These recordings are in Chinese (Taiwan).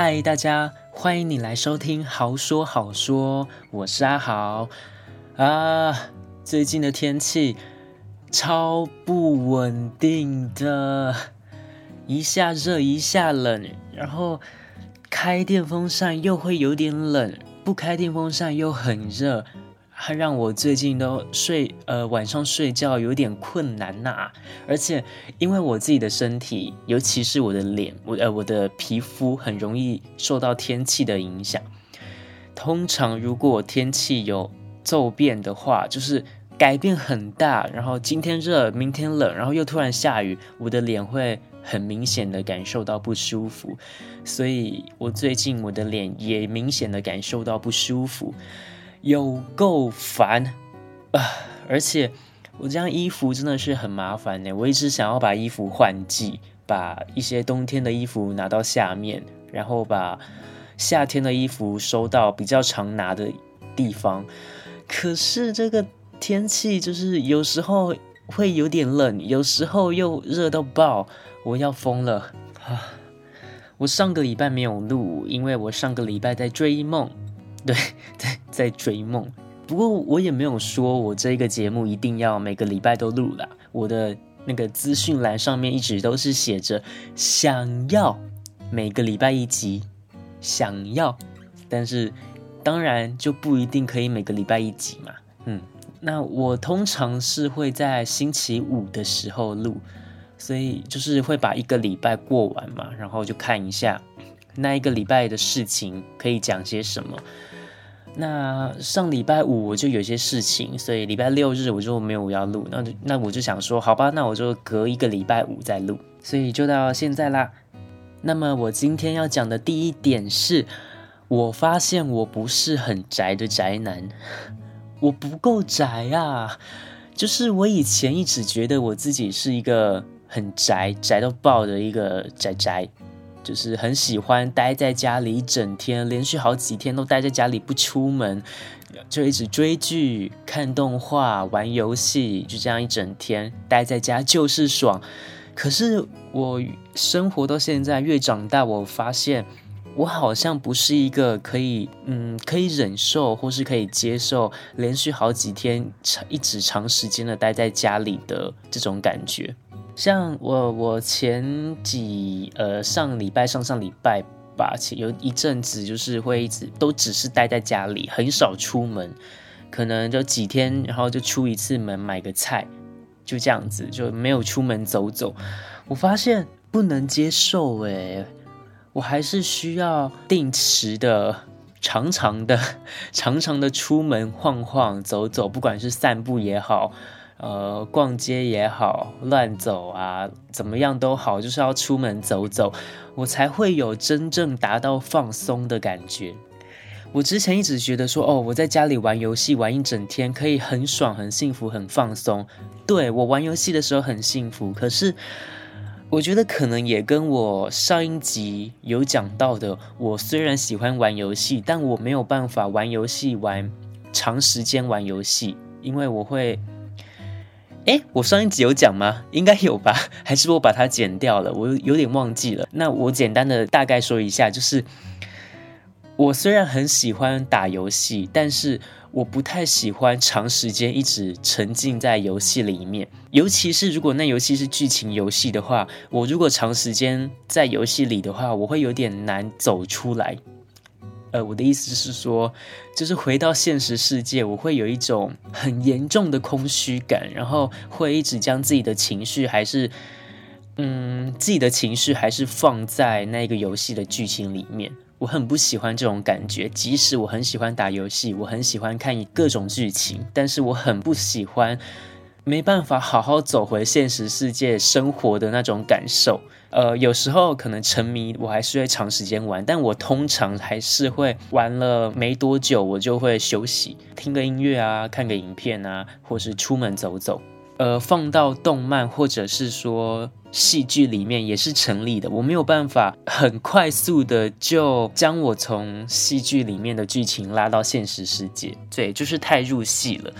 嗨，大家歡迎你來收聽《好說好說》，我是阿豪啊。Uh, 最近的天氣超不穩定的，一下熱一下冷，然後開電風扇又會有點冷，不開電風扇又很熱。它讓我最近都睡呃，晚上睡覺有點困難吶、啊，而且因為我自己的身體，尤其是我的臉，我呃我的皮膚很容易受到天氣的影響。通常如果天氣有驟變的話，就是改變很大，然後今天熱，明天冷，然後又突然下雨，我的臉會很明顯的感受到不舒服。所以我最近我的臉也明顯的感受到不舒服。有夠煩啊！而且我這樣衣服真的是很麻煩呢，我一直想要把衣服換季，把一些冬天的衣服拿到下面，然後把夏天的衣服收到比較常拿的地方。可是這個天氣就是有時候會有點冷，有時候又熱到爆，我要瘋了啊！我上個禮拜沒有錄，因為我上個禮拜在追夢。對，在在追夢。不過我也沒有說我這個節目一定要每個禮拜都錄啦。我的那個資訊欄上面一直都是寫着想要每個禮拜一集，想要，但是當然就不一定可以每個禮拜一集嘛。嗯，那我通常是會在星期五的時候錄，所以就是會把一個禮拜過完嘛，然後就看一下那一個禮拜的事情可以講些什麼。那上禮拜五我就有些事情，所以禮拜六日我就沒有要錄。那那我就想說，好吧，那我就隔一個禮拜五再錄。所以就到現在啦。那麼我今天要講的第一點是，我發現我不是很宅的宅男，我不夠宅啊。就是我以前一直覺得我自己是一個很宅，宅到爆的一個宅宅。就是很喜歡待在家裡一整天，連續好幾天都待在家裡不出門，就一直追劇、看動畫、玩遊戲，就這樣一整天待在家就是爽。可是我生活到現在，越長大，我發現我好像不是一個可以嗯可以忍受或是可以接受連續好幾天長一直長時間的待在家裡的這種感覺。像我，我前幾呃上禮拜、上上禮拜吧，有一陣子就是會一直都只是待在家裡，很少出門，可能就幾天，然後就出一次門買個菜，就這樣子，就沒有出門走走。我發現不能接受哎、欸，我還是需要定時的、長長的、長長的出門晃晃走走，不管是散步也好。呃，逛街也好，亂走啊，怎麼樣都好，就是要出門走走，我才會有真正達到放鬆的感覺。我之前一直覺得說，哦，我在家裡玩遊戲玩一整天，可以很爽、很幸福、很放鬆。對，我玩遊戲的時候很幸福，可是我覺得可能也跟我上一集有講到的，我雖然喜歡玩遊戲，但我沒有辦法玩遊戲玩長時間玩遊戲，因為我會。誒，我上一集有講嗎？應該有吧，還是我把它剪掉了？我有點忘記了。那我簡單的大概說一下，就是我雖然很喜歡打遊戲，但是我不太喜歡長時間一直沉浸在遊戲裡面，尤其是如果那遊戲是劇情遊戲的話，我如果長時間在遊戲裡的話，我會有點難走出來。呃，我的意思是說，就是回到現實世界，我會有一種很嚴重的空虛感，然後會一直將自己的情緒還是，嗯，自己的情緒還是放在那個遊戲的劇情裡面。我很不喜歡這種感覺，即使我很喜歡打遊戲，我很喜歡看各種劇情，但是我很不喜歡。沒辦法好好走回現實世界生活的那種感受，呃，有時候可能沉迷，我還是會長時間玩，但我通常還是會玩了沒多久，我就會休息，聽個音樂啊，看個影片啊，或是出門走走。呃，放到動漫或者是說戲劇裡面也是成立的，我沒有辦法很快速的就將我從戲劇裡面的劇情拉到現實世界，對，就是太入戲了。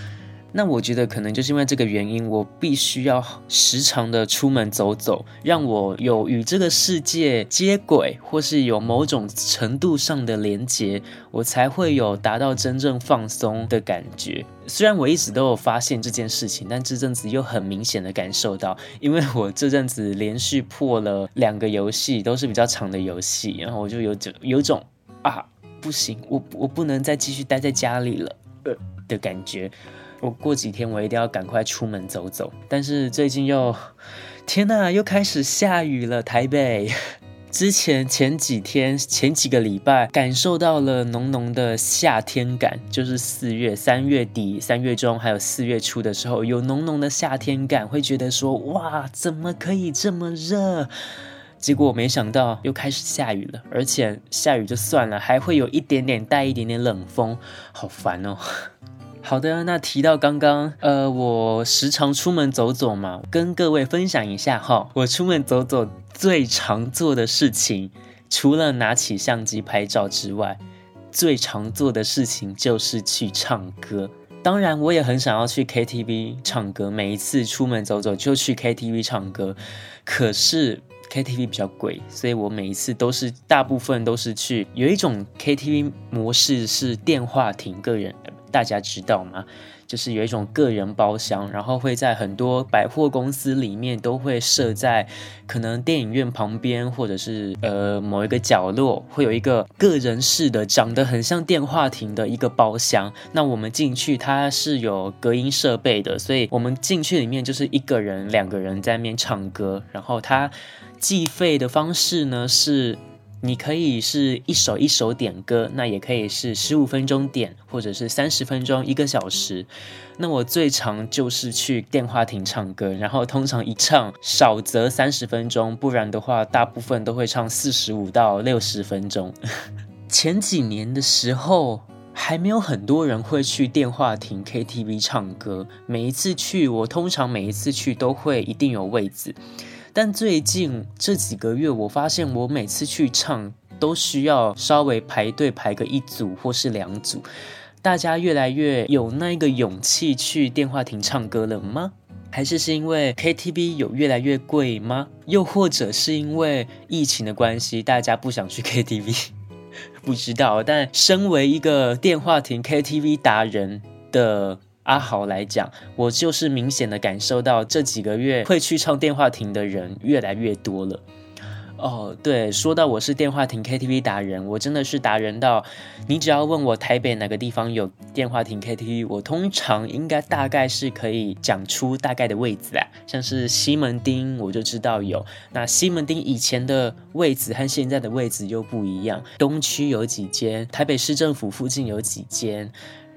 那我覺得可能就是因為這個原因，我必須要時常的出門走走，讓我有與這個世界接軌，或是有某種程度上的連接，我才會有達到真正放鬆的感覺。雖然我一直都有發現這件事情，但這陣子又很明顯的感受到，因為我這陣子連續破了兩個遊戲，都是比較長的遊戲，然後我就有種有種啊，不行，我我不能再繼續待在家裡了呃的感覺。我過幾天我一定要趕快出門走走，但是最近又，天哪，又開始下雨了。台北之前前幾天、前幾個禮拜感受到了濃濃的夏天感，就是四月、三月底、三月中還有四月初的時候，有濃濃的夏天感，會覺得說哇，怎麼可以這麼熱？結果我沒想到又開始下雨了，而且下雨就算了，還會有一點點帶一點點冷風，好煩哦。好的，那提到剛剛，呃，我時常出門走走嘛，跟各位分享一下哈。我出門走走最常做的事情，除了拿起相機拍照之外，最常做的事情就是去唱歌。當然，我也很想要去 KTV 唱歌，每一次出門走走就去 KTV 唱歌。可是 KTV 比較貴，所以我每一次都是大部分都是去，有一種 KTV 模式是電話亭個人。大家知道嗎？就是有一種個人包廂，然後會在很多百貨公司裡面都會設在可能電影院旁邊，或者是呃某一個角落，會有一個個人式的，長得很像電話亭的一個包廂。那我們進去，它是有隔音設備的，所以我們進去裡面就是一個人、兩個人在那邊唱歌。然後它計費的方式呢是。你可以是一首一首點歌，那也可以是十五分鐘點，或者是三十分鐘、一個小時。那我最常就是去電話亭唱歌，然後通常一唱，少則三十分鐘，不然的話，大部分都會唱四十五到六十分鐘。 前幾年的時候，還沒有很多人會去電話亭 KTV 唱歌。每一次去，我通常每一次去都會一定有位置。但最近這幾個月，我發現我每次去唱都需要稍微排隊排個一組或是兩組。大家越來越有那個勇氣去電話亭唱歌了嗎？還是是因為 KTV 有越來越貴嗎？又或者是因為疫情的關係，大家不想去 KTV？不知道。但身為一個電話亭 KTV 達人的，阿豪來講，我就是明顯的感受到，這幾個月會去唱電話亭的人越來越多了。哦、oh，對，說到我是電話亭 KTV 達人，我真的是達人到，你只要問我台北哪個地方有電話亭 KTV，我通常應該大概是可以講出大概的位置啊。像是西門町，我就知道有。那西門町以前的位置和現在的位置又不一樣，東區有幾間，台北市政府附近有幾間。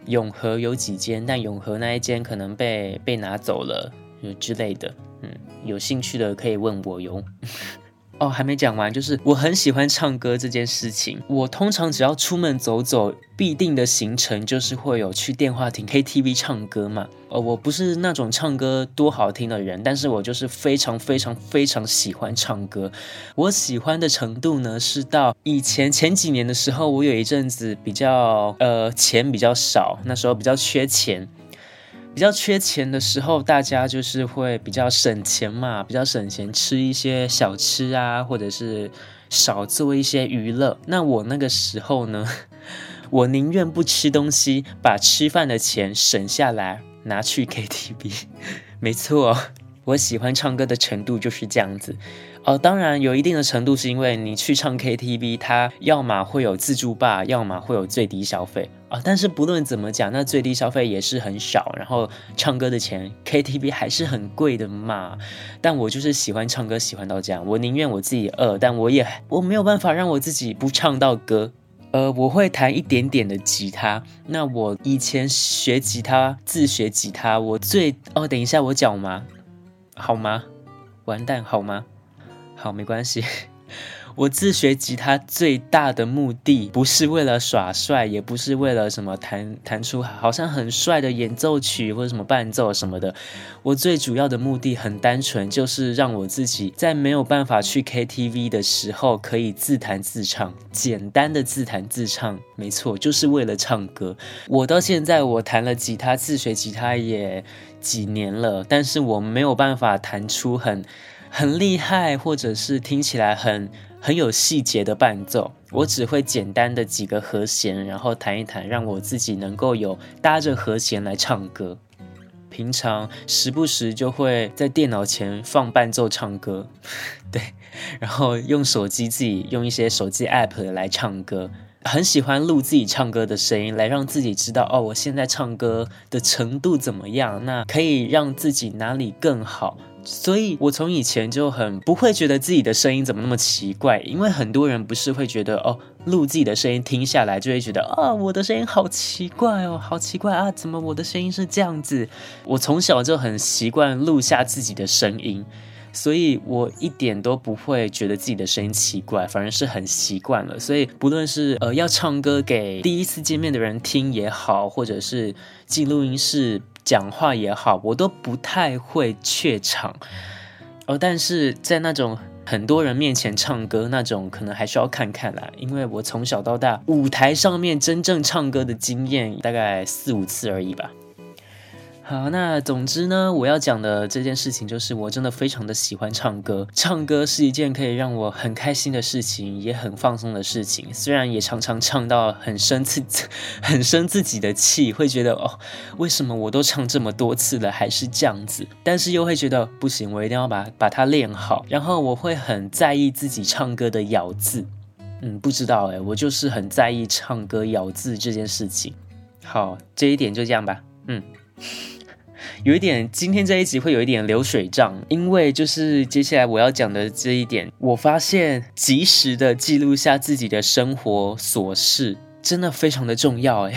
永和有幾間，但永和那一間可能被被拿走了之類的。嗯，有興趣的可以問我喲。 哦，還沒講完，就是我很喜歡唱歌這件事情。我通常只要出門走走，必定的行程就是會有去電話亭 KTV 唱歌嘛。呃、哦，我不是那種唱歌多好聽的人，但是我就是非常非常非常喜歡唱歌。我喜歡的程度呢，是到以前前幾年的時候，我有一陣子比較，呃，錢比較少，那時候比較缺錢。比較缺錢的時候，大家就是會比較省錢嘛，比較省錢吃一些小吃啊，或者是少做一些娛樂。那我那個時候呢，我寧願不吃東西，把吃飯的錢省下來拿去 KTV。沒錯，我喜歡唱歌的程度就是這樣子。呃、哦，當然有一定的程度，是因為你去唱 KTV，它要麼會有自助吧，要麼會有最低消費啊、哦。但是不論怎麼講，那最低消費也是很少。然後唱歌的錢，KTV 還是很貴的嘛。但我就是喜歡唱歌，喜歡到這樣，我寧願我自己餓，但我也我沒有辦法讓我自己不唱到歌。呃，我會彈一點點的吉他。那我以前學吉他，自學吉他，我最哦，等一下我腳麻，好嗎？完蛋，好嗎？好，沒關係。我自學吉他最大的目的，不是為了耍帥，也不是為了什麼彈彈出好像很帥的演奏曲或者什麼伴奏什麼的。我最主要的目的很單純，就是讓我自己在沒有辦法去 KTV 的時候，可以自彈自唱，簡單的自彈自唱。沒錯，就是為了唱歌。我到現在我彈了吉他，自學吉他也幾年了，但是我沒有辦法彈出很。很厲害，或者是聽起來很很有細節的伴奏，我只會簡單的幾個和弦，然後彈一彈，讓我自己能夠有搭着和弦來唱歌。平常時不時就會在電腦前放伴奏唱歌，對，然後用手機自己用一些手機 APP 來唱歌。很喜歡錄自己唱歌的聲音，來讓自己知道哦，我現在唱歌的程度怎麼樣？那可以讓自己哪裡更好。所以，我從以前就很不會覺得自己的聲音怎麼那麼奇怪，因為很多人不是會覺得哦，錄自己的聲音聽下來就會覺得啊、哦，我的聲音好奇怪哦，好奇怪啊，怎麼我的聲音是這樣子？我從小就很習慣錄下自己的聲音。所以我一點都不會覺得自己的聲音奇怪，反正是很習慣了。所以不論是呃要唱歌給第一次見面的人聽也好，或者是進錄音室講話也好，我都不太會怯場。哦、呃，但是在那種很多人面前唱歌那種，可能還是要看看啦，因為我從小到大舞台上面真正唱歌的經驗大概四五次而已吧。好，那總之呢，我要講的這件事情就是，我真的非常的喜歡唱歌，唱歌是一件可以讓我很開心的事情，也很放鬆的事情。雖然也常常唱到很生自很生自己的氣，會覺得哦，為什麼我都唱這麼多次了還是這樣子？但是又會覺得不行，我一定要把把它練好。然後我會很在意自己唱歌的咬字，嗯，不知道欸，我就是很在意唱歌咬字這件事情。好，這一點就這樣吧，嗯。有一點，今天這一集會有一點流水賬，因為就是接下來我要講的這一點，我發現及時的記錄下自己的生活瑣事真的非常的重要哎。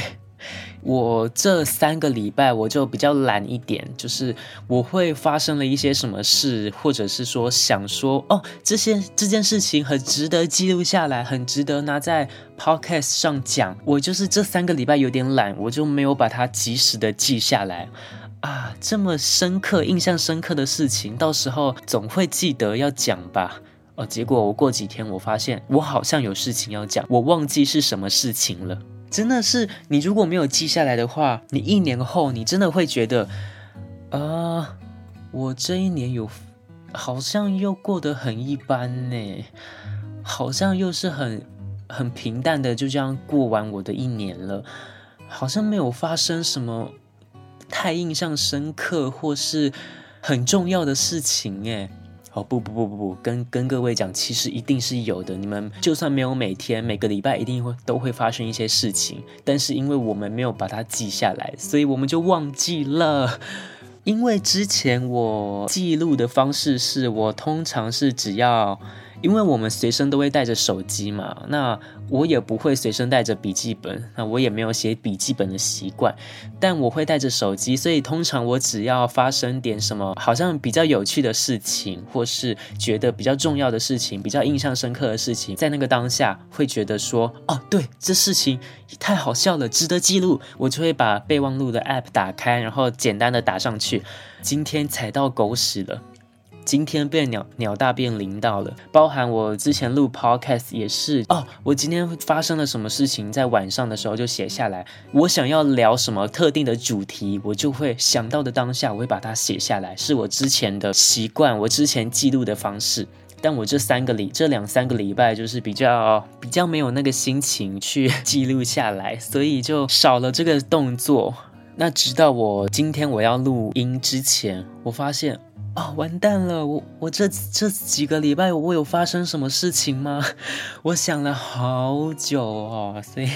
我這三個禮拜我就比較懶一點，就是我會發生了一些什麼事，或者是說想說哦這些這件事情很值得記錄下來，很值得拿在 podcast 上講。我就是這三個禮拜有點懶，我就沒有把它及時的記下來。啊，這麼深刻、印象深刻的事情，到時候總會記得要講吧。哦，結果我過幾天，我發現我好像有事情要講，我忘記是什麼事情了。真的是，你如果沒有記下來的話，你一年後，你真的會覺得，啊、呃，我這一年有，好像又過得很一般呢，好像又是很很平淡的，就這樣過完我的一年了，好像沒有發生什麼。太印象深刻或是很重要的事情，哎，哦不不不不不，跟跟各位講，其實一定是有的。你們就算沒有每天、每個禮拜，一定會都會發生一些事情，但是因為我們沒有把它記下來，所以我們就忘記了。因為之前我記錄的方式是，我通常是只要。因為我們隨身都會帶着手機嘛，那我也不會隨身帶着筆記本，那我也沒有寫筆記本的習慣，但我會帶着手機，所以通常我只要發生點什麼好像比較有趣的事情，或是覺得比較重要的事情，比較印象深刻的事情，在那個當下會覺得說，哦，對，這事情太好笑了，值得記錄，我就會把備忘錄的 app 打開，然後簡單的打上去，今天踩到狗屎了。今天被鳥鳥大便淋到了，包含我之前錄 podcast 也是哦。我今天發生了什麼事情，在晚上的時候就寫下來。我想要聊什麼特定的主題，我就會想到的當下，我會把它寫下來，是我之前的習慣，我之前記錄的方式。但我這三個禮拜這兩三個禮拜就是比較比較沒有那個心情去記錄下來，所以就少了這個動作。那直到我今天我要錄音之前，我發現。哦，完蛋了！我我這這幾個禮拜我有發生什麼事情嗎？我想了好久哦，所以。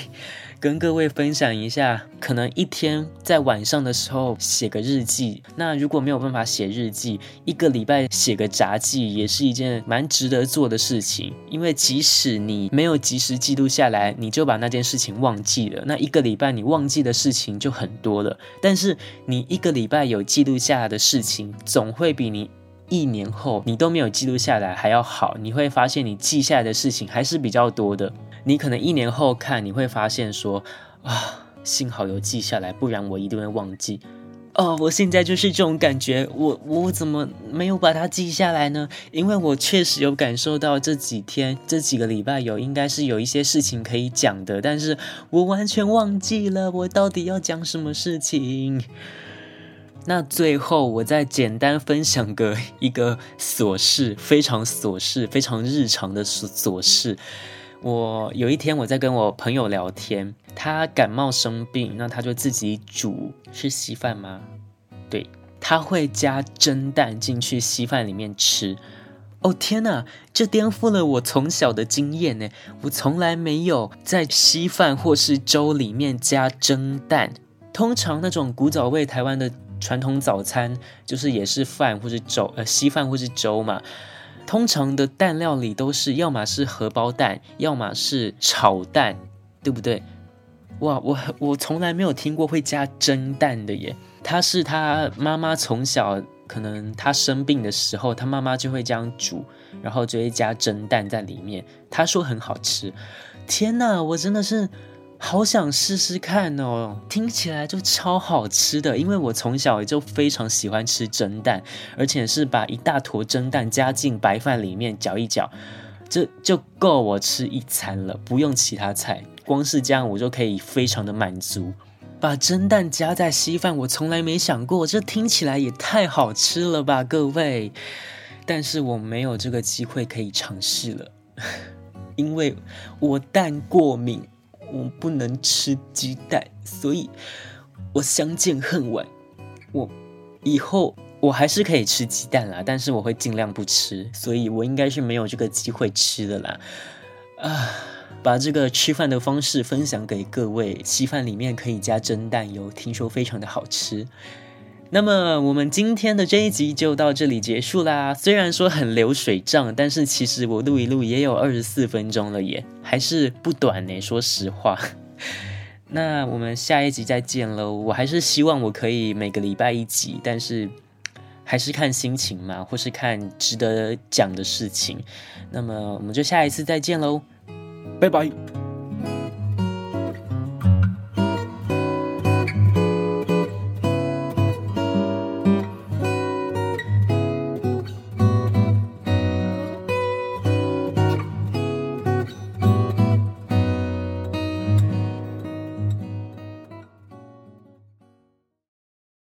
跟各位分享一下，可能一天在晚上的時候寫個日記，那如果沒有辦法寫日記，一個禮拜寫個雜記也是一件蠻值得做的事情。因為即使你沒有及時記錄下來，你就把那件事情忘記了，那一個禮拜你忘記的事情就很多了。但是你一個禮拜有記錄下來的事情，總會比你。一年後你都沒有記錄下來還要好，你會發現你記下來的事情還是比較多的。你可能一年後看，你會發現說啊，幸好有記下來，不然我一定會忘記。哦，我現在就是這種感覺，我我怎麼沒有把它記下來呢？因為我確實有感受到這幾天這幾個禮拜有應該是有一些事情可以講的，但是我完全忘記了我到底要講什麼事情。那最後我再簡單分享個一個瑣事，非常瑣事，非常日常的瑣、瑣事。我有一天我在跟我朋友聊天，他感冒生病，那他就自己煮是稀飯嗎？對，他會加蒸蛋進去稀飯裡面吃。哦天哪，這顛覆了我從小的經驗呢！我從來沒有在稀飯或是粥裡面加蒸蛋。通常那種古早味台灣的。傳統早餐就是也是飯或是粥，呃，稀飯或是粥嘛。通常的蛋料理都是要麼是荷包蛋，要麼是炒蛋，對不對？哇，我我從來沒有聽過會加蒸蛋的耶。他是他媽媽從小可能他生病的時候，他媽媽就會這樣煮，然後就會加蒸蛋在裡面。他說很好吃。天哪，我真的是。好想試試看哦，聽起來就超好吃的。因為我從小就非常喜歡吃蒸蛋，而且是把一大坨蒸蛋加進白飯裡面攪一攪，這就夠我吃一餐了，不用其他菜，光是這樣我就可以非常的滿足。把蒸蛋加在稀飯，我從來沒想過，這聽起來也太好吃了吧，各位！但是我沒有這個機會可以嘗試了，因為我蛋過敏。我不能吃雞蛋，所以我相見恨晚。我以後我還是可以吃雞蛋啦，但是我會盡量不吃，所以我應該是沒有這個機會吃的啦。啊，把這個吃飯的方式分享給各位，稀飯裡面可以加蒸蛋唷，聽說非常的好吃。那麼我們今天的這一集就到這裡結束啦。雖然說很流水賬，但是其實我錄一錄也有二十四分鐘了耶，也還是不短呢。說實話，那我們下一集再見嘍。我還是希望我可以每個禮拜一集，但是還是看心情嘛，或是看值得講的事情。那麼我們就下一次再見嘍，拜拜。